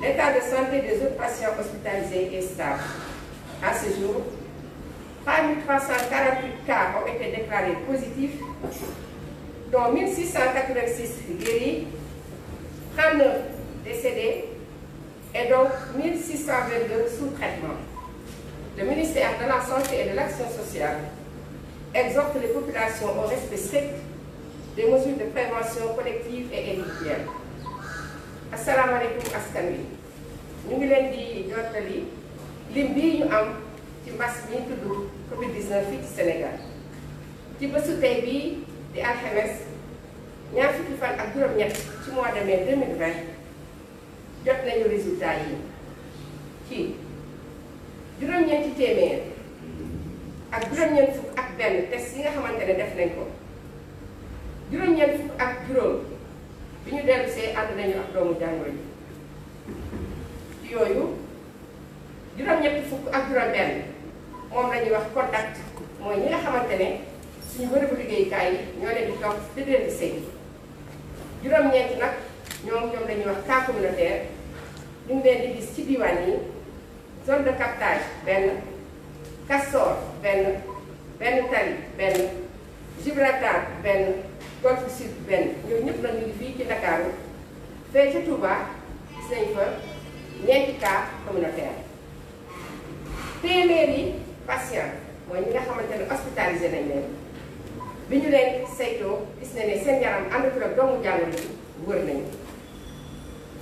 L'état de santé est À ce jour, 3348 cas ont été déclarés positifs, dont 1686 guéris, 39 décédés et donc 1622 sous traitement. Le ministère de la Santé et de l'Action sociale exhorte les populations au respect asalaamaaleykum askan wi ñu ngi leen di jottali lim bii ñu am ci mbas mi ñu tudd Covid 19 fii ci Sénégal ci bésu tey bii di alxames ñaar fukki fan ak juróom-ñett ci mois de mai 2020 jot nañu résultat yi ci juróom-ñeenti téeméer ak juróom-ñeent fukk ak benn test yi nga xamante ne def nañ ko juróom-ñeent fukk ak juróom. bi ñu dellu see ànd nañu ak doomu jàngoro ji ci yooyu juróom-ñetti fukk ak juróom-benn moom la ñuy wax contact mooy ñi nga xamante ne suñu bërëbu liggéeyukaay yi ñoo leen di toog di dellu see juróom-ñeent nag ñoom ñoom la ñuy wax cas communautaire ñu ngi leen di gis ci diwaan yi zone de captage benn Castor benn benn Tali benn Gibraltar benn. golfe sud benn ñoom ñëpp nag ñu ngi fii ci Ndakaaru fee ca Touba gis nañ fa ñeenti cas communautaire téeméer yi patient mooy ñi nga xamante ne hospitalisé nañ leen bi ñu leen saytoo gis na ne seen yaram àndatul ak doomu jàngoro ji wër nañu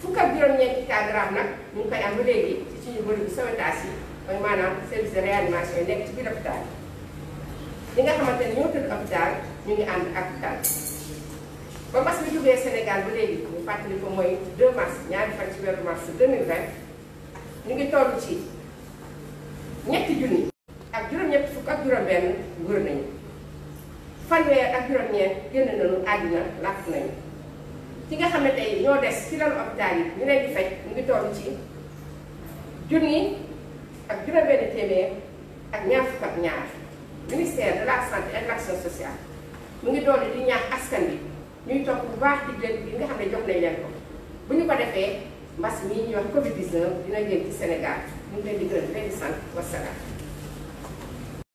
fukk ak juróom-ñeenti cas grave nag ñu ngi koy am ba léegi ci suñu bërëbu sauvetage yi mooy maanaam service de réanimation yi nekk ci biir hôpital yi nga xamante ne ñoo tëdd hôpital ñu ngi ànd ak dal ba mbas mi jógee Sénégal ba léegi ñu fàttali ko mooy 2 mars ñaari fan ci weeru mars 2020 ñu ngi toll ci ñetti junni ak juróom-ñetti fukk ak juróom-benn wër nañu fanweer ak juróom-ñeent génn nañu àddina làkk nañu ci nga xam ne tey ñoo des ci lalu hôpital yi ñu leen di faj ñu ngi toll ci junni ak juróom-benn téeméer ak ñaar fukk ak ñaar ministère de la santé et sociale mu ngi doole di ñaax askan bi ñuy topp bu baax digle bi nga xam ne jox nañ leen ko bu ñu ko defee mbas mii ñuy wax Covid 19 dina jëm ci Sénégal ñu ngi leen di gërëm di leen di